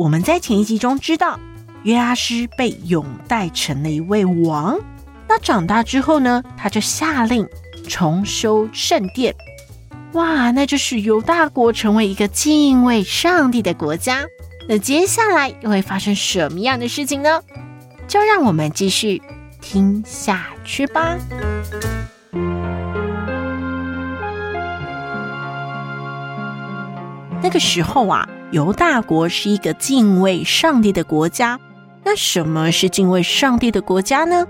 我們在前一集中知道，約阿施被擁戴成了一位王，那長大之後呢，他就下令重修聖殿，哇，那就是猶大國成為一個敬畏上帝的國家。那接下來又會發生什麼樣的事情呢？就讓我們繼續聽下去吧。那個時候啊。猶大國是一個敬畏上帝的國家。那什麼是敬畏上帝的國家呢？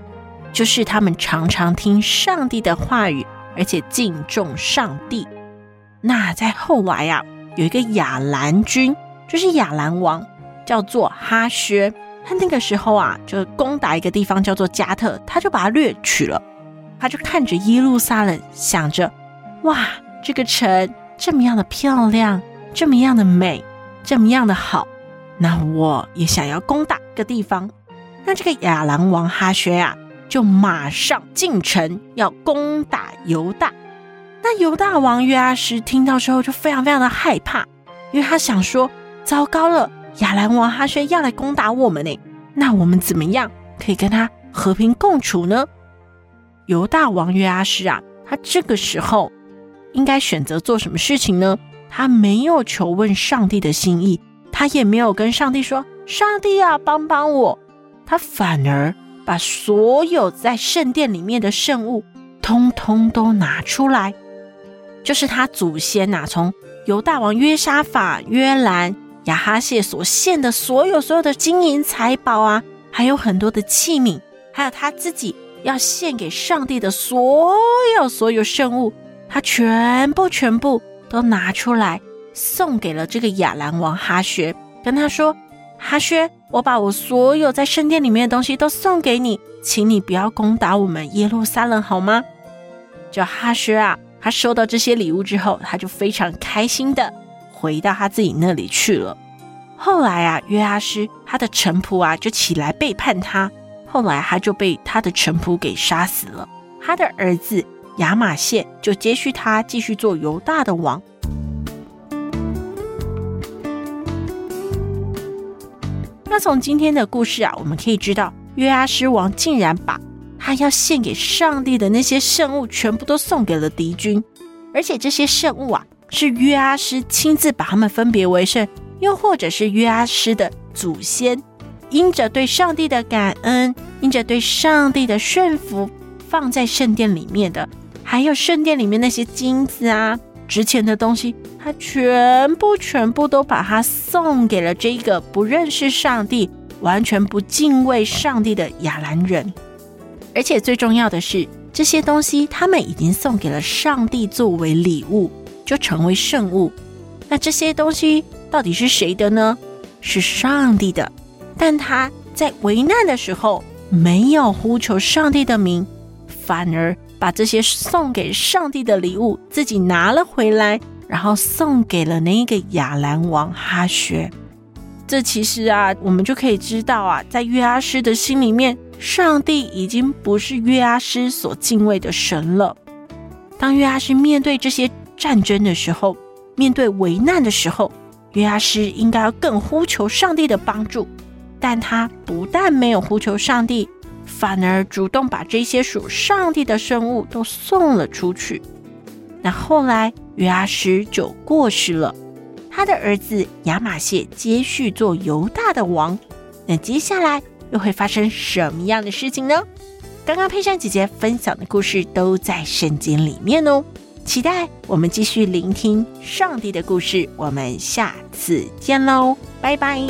就是他們常常聽上帝的話語，而且敬重上帝。那在後來啊，有一個亞蘭君，就是亞蘭王，叫做哈薛。他那個時候啊，就攻打一個地方叫做加特，他就把它掠取了。他就看着耶路撒冷，想着：哇，這個城這麼樣的漂亮，這麼樣的美。這麼樣的好，那我也想要攻打一個地方。那這個亞蘭王哈薛呀、啊，就馬上進城要攻打猶大。那猶大王約阿施聽到之後，就非常非常的害怕，因為他想說：糟糕了，亞蘭王哈薛要來攻打我們呢。那我們怎麼樣可以跟他和平共處呢？猶大王約阿施啊，他這個時候應該選擇做什麼事情呢？他沒有求問上帝的心意，他也沒有跟上帝說：“上帝啊，幫幫我。”他反而把所有在聖殿裡面的聖物，通通都拿出來，就是他祖先吶、啊，從猶大王約沙法、約蘭、亞哈謝所獻的所有所有的金銀財寶啊，還有很多的器皿，還有他自己要獻給上帝的所有所有聖物，他全部全部。都拿出來送給了這個亞蘭王哈薛，跟他說：“哈薛，我把我所有在聖殿裡面的東西都送給你，請你不要攻打我們耶路撒冷，好嗎？”就哈薛啊，他收到這些禮物之後，他就非常開心的回到他自己那裡去了。後來啊，約阿施，他的臣僕啊就起來背叛他，後來他就被他的臣僕給殺死了，他的兒子。亞馬遜就接續他繼續做猶大的王。那從今天的故事啊，我們可以知道約阿施王竟然把他要獻給上帝的那些聖物全部都送給了敵軍，而且這些聖物啊，是約阿施親自把他們分別為聖，又或者是約阿施的祖先因着對上帝的感恩，因着對上帝的馴服，放在聖殿裡面的。還有聖殿裡面那些金子啊，值錢的東西，他全部全部都把它送給了這個不認識上帝、完全不敬畏上帝的亞蘭人。而且最重要的是，這些東西他們已經送給了上帝作為禮物，就成為聖物。那這些東西到底是誰的呢？是上帝的，但他在危難的時候沒有呼求上帝的名，反而。把這些送給上帝的禮物，自己拿了回來，然後送給了那一個亞蘭王哈薛。這其實啊，我們就可以知道啊，在約阿施的心裡面，上帝已經不是約阿施所敬畏的神了。當約阿施面對這些戰爭的時候，面對危難的時候，約阿施應該要更呼求上帝的幫助，但他不但沒有呼求上帝。反而主動把這些屬上帝的生物都送了出去。那後來約阿、啊、施就過世了，他的兒子亞馬謝接續做猶大的王。那接下來又會發生什麼樣的事情呢？剛剛佩珊姐姐分享的故事都在聖經裡面哦，期待我們繼續聆聽上帝的故事。我們下次見嘍，拜拜。